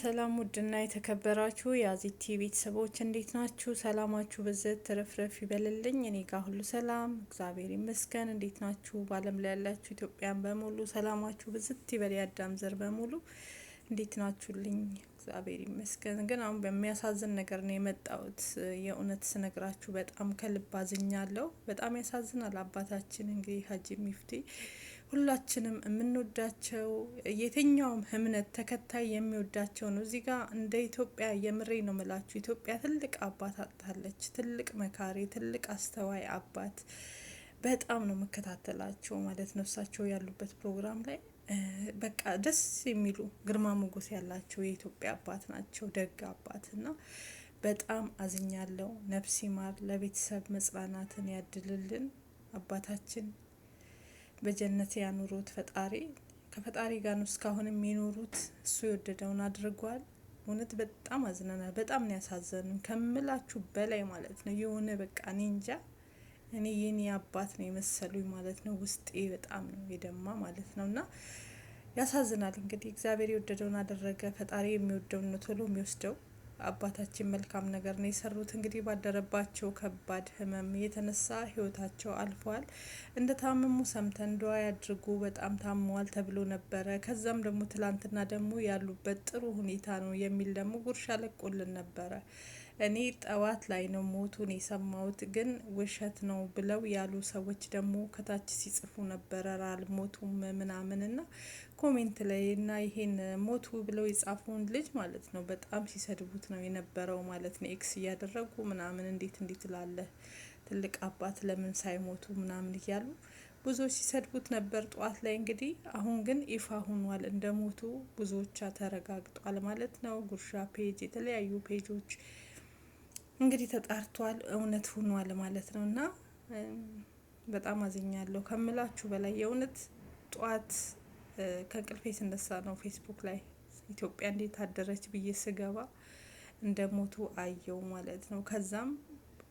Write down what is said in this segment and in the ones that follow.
ሰላም ውድና የተከበራችሁ የአዚቲ ቤተሰቦች እንዴት ናችሁ? ሰላማችሁ ብዝት ትርፍርፍ ይበልልኝ። እኔ ጋር ሁሉ ሰላም እግዚአብሔር ይመስገን። እንዴት ናችሁ? በዓለም ላይ ያላችሁ ኢትዮጵያን በሙሉ ሰላማችሁ ብዝት ይበል። ያዳም ዘር በሙሉ እንዴት ናችሁልኝ? እግዚአብሔር ይመስገን። ግን አሁን በሚያሳዝን ነገር ነው የመጣሁት። የእውነት ስነግራችሁ በጣም ከልብ አዝኛለሁ። በጣም ያሳዝናል። አባታችን እንግዲህ ሀጂ ሚፍቲ ሁላችንም የምንወዳቸው የትኛውም እምነት ተከታይ የሚወዳቸው ነው። እዚህ ጋር እንደ ኢትዮጵያ የምሬ ነው ምላችሁ፣ ኢትዮጵያ ትልቅ አባት አጥታለች። ትልቅ መካሪ፣ ትልቅ አስተዋይ አባት። በጣም ነው የምከታተላቸው ማለት ነው። እሳቸው ያሉበት ፕሮግራም ላይ በቃ ደስ የሚሉ ግርማ ሞገስ ያላቸው የኢትዮጵያ አባት ናቸው። ደግ አባት እና በጣም አዝኛለው። ነፍስ ይማር፣ ለቤተሰብ መጽናናትን ያድልልን አባታችን በጀነት ያኑሩት ፈጣሪ። ከፈጣሪ ጋር ነው እስካሁንም የኖሩት። እሱ የወደደውን አድርጓል። እውነት በጣም አዝነናል። በጣም ነው ያሳዘኑን ከምላችሁ በላይ ማለት ነው። የሆነ በቃ እኔ እንጃ እኔ የኔ አባት ነው የመሰሉኝ ማለት ነው። ውስጤ በጣም ነው የደማ ማለት ነው። እና ያሳዝናል። እንግዲህ እግዚአብሔር የወደደውን አደረገ። ፈጣሪ የሚወደውን ነው ቶሎ የሚወስደው። አባታችን መልካም ነገር ነው የሰሩት። እንግዲህ ባደረባቸው ከባድ ህመም የተነሳ ህይወታቸው አልፏል። እንደ ታመሙ ሰምተን ዱዓ ያድርጉ በጣም ታመዋል ተብሎ ነበረ። ከዛም ደግሞ ትላንትና ደግሞ ያሉበት ጥሩ ሁኔታ ነው የሚል ደግሞ ጉርሻ ለቆልን ነበረ። እኔ ጠዋት ላይ ነው ሞቱን የሰማሁት፣ ግን ውሸት ነው ብለው ያሉ ሰዎች ደግሞ ከታች ሲጽፉ ነበረ አልሞቱም ምናምን እና ኮሜንት ላይ እና ይሄን ሞቱ ብለው የጻፉን ልጅ ማለት ነው በጣም ሲሰድቡት ነው የነበረው ማለት ነው። ኤክስ እያደረጉ ምናምን እንዴት እንዴት ላለ ትልቅ አባት ለምን ሳይሞቱ ምናምን እያሉ ብዙዎች ሲሰድቡት ነበር ጠዋት ላይ እንግዲህ። አሁን ግን ይፋ ሆኗል እንደሞቱ ብዙዎች ተረጋግጧል ማለት ነው። ጉርሻ ፔጅ፣ የተለያዩ ፔጆች እንግዲህ ተጣርቷል፣ እውነት ሆኗል ማለት ነው እና በጣም አዝኛለሁ ከምላችሁ በላይ የእውነት ጠዋት ከእንቅልፌ ስነሳ ነው ፌስቡክ ላይ ኢትዮጵያ እንዴት አደረች ብዬ ስገባ እንደ ሞቱ አየው ማለት ነው። ከዛም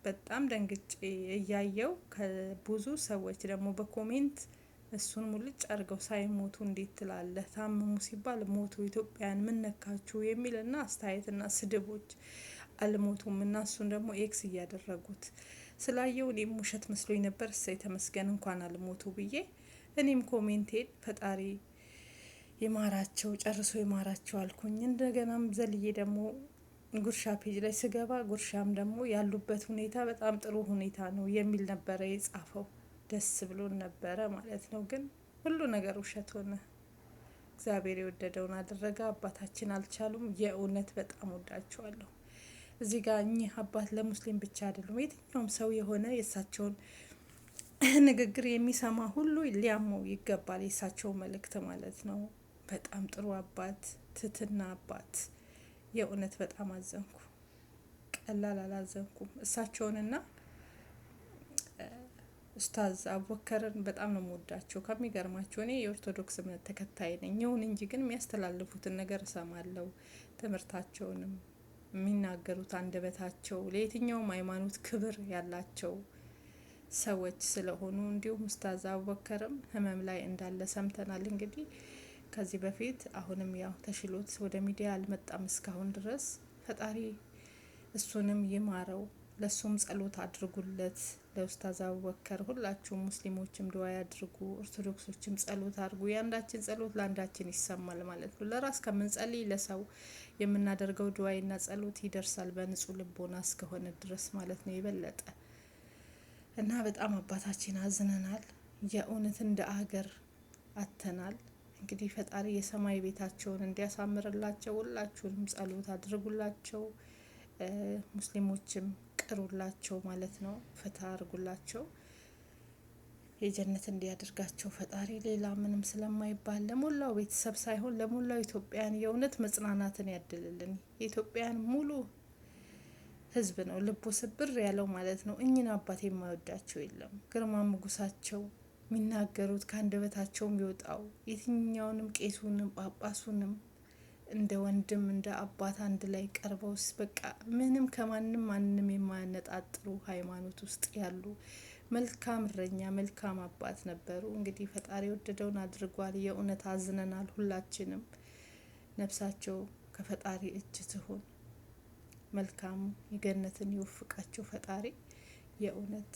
በጣም ደንግጬ እያየው ከብዙ ሰዎች ደግሞ በኮሜንት እሱን ሙልጭ አድርገው ሳይሞቱ እንዴት ትላለ ታምሙ ሲባል ሞቱ፣ ኢትዮጵያን ምን ነካችሁ? የሚልና አስተያየትና ስድቦች አልሞቱም እና እሱን ደግሞ ኤክስ እያደረጉት ስላየው እኔም ውሸት መስሎኝ ነበር። እሰይ ተመስገን እንኳን አልሞቱ ብዬ እኔም ኮሜንቴን ፈጣሪ የማራቸው ጨርሶ የማራቸው አልኩኝ። እንደገናም ዘልዬ ደግሞ ጉርሻ ፔጅ ላይ ስገባ ጉርሻም ደግሞ ያሉበት ሁኔታ በጣም ጥሩ ሁኔታ ነው የሚል ነበረ የጻፈው። ደስ ብሎን ነበረ ማለት ነው። ግን ሁሉ ነገር ውሸት ሆነ። እግዚአብሔር የወደደውን አደረገ። አባታችን አልቻሉም። የእውነት በጣም ወዳቸዋለሁ እዚህ ጋር እኚህ አባት ለሙስሊም ብቻ አይደሉም። የትኛውም ሰው የሆነ የእሳቸውን ንግግር የሚሰማ ሁሉ ሊያመው ይገባል። የእሳቸው መልእክት ማለት ነው። በጣም ጥሩ አባት፣ ትትና አባት። የእውነት በጣም አዘንኩ። ቀላል አላዘንኩም። እሳቸውንና ኡስታዝ አቡበከርን በጣም ነው የምወዳቸው። ከሚገርማቸው እኔ የኦርቶዶክስ እምነት ተከታይ ነኝ። ይሁን እንጂ ግን የሚያስተላልፉትን ነገር እሰማለሁ ትምህርታቸውንም የሚናገሩት አንደበታቸው ለየትኛውም ሃይማኖት ክብር ያላቸው ሰዎች ስለሆኑ እንዲሁም ኡስታዝ አቡበከርም ህመም ላይ እንዳለ ሰምተናል። እንግዲህ ከዚህ በፊት አሁንም ያው ተሽሎት ወደ ሚዲያ አልመጣም እስካሁን ድረስ ፈጣሪ እሱንም ይማረው። ለሱም ጸሎት አድርጉለት። ለኡስታዝ አቡበከር ሁላችሁም ሙስሊሞችም ድዋ ያድርጉ፣ ኦርቶዶክሶችም ጸሎት አድርጉ። የአንዳችን ጸሎት ለአንዳችን ይሰማል ማለት ነው። ለራስ ከምንጸልይ ለሰው የምናደርገው ድዋይና ጸሎት ይደርሳል፣ በንጹህ ልቦና እስከሆነ ድረስ ማለት ነው የበለጠ እና በጣም አባታችን አዝነናል። የእውነት እንደ አገር አተናል። እንግዲህ ፈጣሪ የሰማይ ቤታቸውን እንዲያሳምርላቸው ሁላችሁንም ጸሎት አድርጉላቸው። ሙስሊሞችም ቅሩላቸው ማለት ነው። ፍትህ አድርጉላቸው። የጀነት እንዲያደርጋቸው ፈጣሪ። ሌላ ምንም ስለማይባል ለሞላው ቤተሰብ ሳይሆን ለሞላው ኢትዮጵያን የእውነት መጽናናትን ያድልልን። የኢትዮጵያን ሙሉ ህዝብ ነው ልቡ ስብር ያለው ማለት ነው። እኝን አባት የማይወዳቸው የለም። ግርማ ምጉሳቸው የሚናገሩት ከአንደበታቸው የሚወጣው የትኛውንም ቄሱንም ጳጳሱንም እንደ ወንድም እንደ አባት አንድ ላይ ቀርበው በቃ ምንም ከማንም ማንም የማያነጣጥሩ ሃይማኖት ውስጥ ያሉ መልካም እረኛ መልካም አባት ነበሩ። እንግዲህ ፈጣሪ ወደደውን አድርጓል። የእውነት አዝነናል ሁላችንም። ነፍሳቸው ከፈጣሪ እጅ ትሆን። መልካሙ የገነትን ይወፍቃቸው ፈጣሪ የእውነት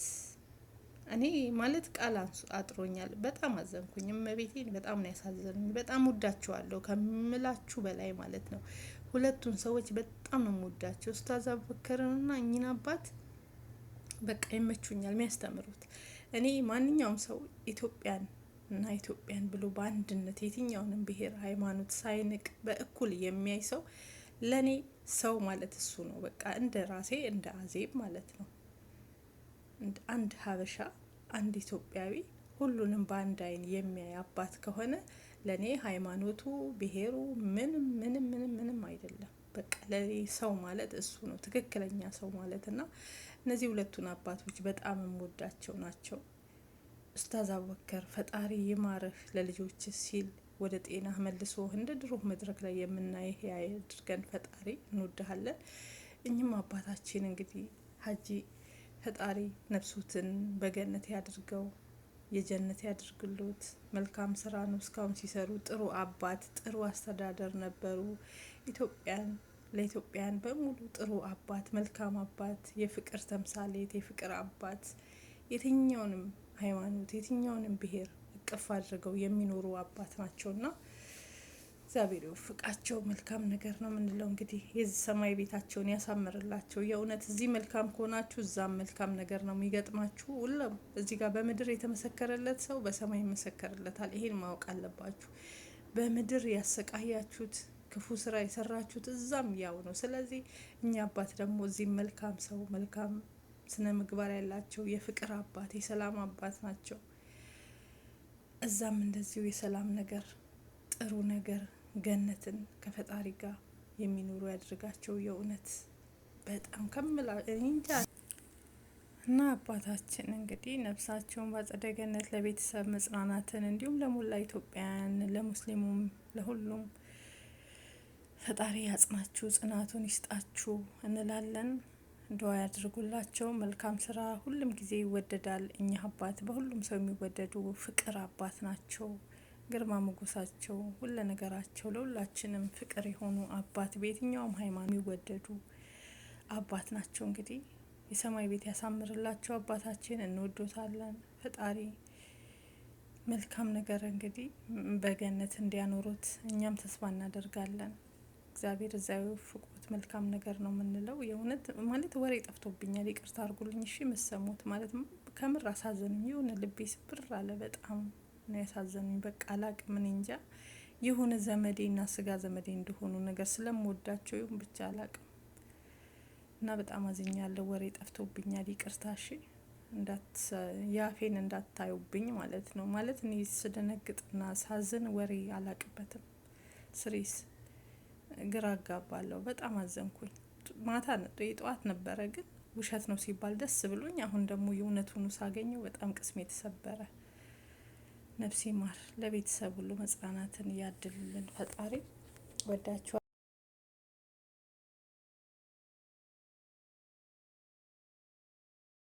እኔ ማለት ቃል አጥሮኛል። በጣም አዘንኩኝ። እመቤቴን በጣም ነው ያሳዘኑኝ። በጣም ወዳቸዋለሁ ከምላችሁ በላይ ማለት ነው። ሁለቱን ሰዎች በጣም ነው የምወዳቸው። ኡስታዝ አቡበከርንና እኚህን አባት በቃ ይመቹኛል። የሚያስተምሩት እኔ ማንኛውም ሰው ኢትዮጵያን እና ኢትዮጵያን ብሎ በአንድነት የትኛውንም ብሔር ሃይማኖት ሳይንቅ በእኩል የሚያይ ሰው ለእኔ ሰው ማለት እሱ ነው። በቃ እንደ ራሴ እንደ አዜብ ማለት ነው። አንድ ሀበሻ አንድ ኢትዮጵያዊ ሁሉንም በአንድ አይን የሚያይ አባት ከሆነ ለእኔ ሃይማኖቱ፣ ብሄሩ ምንም ምንም ምንም ምንም አይደለም። በቃ ለእኔ ሰው ማለት እሱ ነው፣ ትክክለኛ ሰው ማለት እና እነዚህ ሁለቱን አባቶች በጣም የምወዳቸው ናቸው። ኡስታዝ አቡበከር ፈጣሪ ይማርህ ለልጆች ሲል ወደ ጤና መልሶ እንደ ድሮ መድረክ ላይ የምናይህ ያድርገን። ፈጣሪ እንወድሃለን። እኚህም አባታችን እንግዲህ ሀጂ ፈጣሪ ነፍሶትን በገነት ያድርገው፣ የጀነት ያድርግሎት። መልካም ስራ ነው እስካሁን ሲሰሩ። ጥሩ አባት፣ ጥሩ አስተዳደር ነበሩ። ኢትዮጵያን ለኢትዮጵያን በሙሉ ጥሩ አባት፣ መልካም አባት፣ የፍቅር ተምሳሌት፣ የፍቅር አባት፣ የትኛውንም ሃይማኖት፣ የትኛውንም ብሄር እቅፍ አድርገው የሚኖሩ አባት ናቸውና እግዚአብሔር ይወፍቃቸው። መልካም ነገር ነው የምንለው እንግዲህ የዚህ ሰማይ ቤታቸውን ያሳምርላቸው። የእውነት እዚህ መልካም ከሆናችሁ እዛም መልካም ነገር ነው የሚገጥማችሁ። ሁለም እዚህ ጋር በምድር የተመሰከረለት ሰው በሰማይ ይመሰከርለታል። ይሄን ማወቅ አለባችሁ። በምድር ያሰቃያችሁት ክፉ ስራ የሰራችሁት እዛም ያው ነው። ስለዚህ እኛ አባት ደግሞ እዚህም መልካም ሰው መልካም ስነ ምግባር ያላቸው የፍቅር አባት የሰላም አባት ናቸው። እዛም እንደዚሁ የሰላም ነገር ጥሩ ነገር ገነትን ከፈጣሪ ጋር የሚኖሩ ያድርጋቸው። የእውነት በጣም ከምላ እንጃ እና አባታችን እንግዲህ ነፍሳቸውን በአጸደ ገነት ለቤተሰብ መጽናናትን እንዲሁም ለሞላ ኢትዮጵያውያን ለሙስሊሙም ለሁሉም ፈጣሪ ያጽናችሁ፣ ጽናቱን ይስጣችሁ እንላለን። ድዋ ያድርጉላቸው። መልካም ስራ ሁሉም ጊዜ ይወደዳል። እኛ አባት በሁሉም ሰው የሚወደዱ ፍቅር አባት ናቸው። ግርማ ሞገሳቸው፣ ሁለ ነገራቸው ለሁላችንም ፍቅር የሆኑ አባት በየትኛውም ሃይማኖት የሚወደዱ አባት ናቸው። እንግዲህ የሰማይ ቤት ያሳምርላቸው አባታችን፣ እንወዶታለን ፈጣሪ መልካም ነገር እንግዲህ በገነት እንዲያኖሩት እኛም ተስፋ እናደርጋለን። እግዚአብሔር እዚያ ፍቁት መልካም ነገር ነው የምንለው። የእውነት ማለት ወሬ ጠፍቶብኛል፣ ይቅርታ አርጉልኝ። እሺ የምሰሙት ማለት ከምር አሳዘኑኝ፣ የሆነ ልቤ ስብር አለ በጣም ነው ያሳዘኑኝ። በቃ አላቅም እኔ እንጃ የሆነ ዘመዴ እና ስጋ ዘመዴ እንደሆኑ ነገር ስለምወዳቸው ይሁን ብቻ አላቅም እና በጣም አዝኛለሁ። ወሬ ጠፍቶብኛል። ይቅርታ እሺ። ያፌን እንዳታዩብኝ ማለት ነው። ማለት እኔ ስደነግጥና ሳዝን ወሬ አላቅበትም። ስሪስ ግራ አጋባለሁ። በጣም አዘንኩኝ። ማታ የጠዋት ነበረ ግን ውሸት ነው ሲባል ደስ ብሎኝ፣ አሁን ደግሞ የእውነቱን ሳገኘው በጣም ቅስሜ የተሰበረ ነፍሴ ማር ለቤተሰብ ሁሉ መጽናናትን እያድልልን ፈጣሪ ወዳችኋል።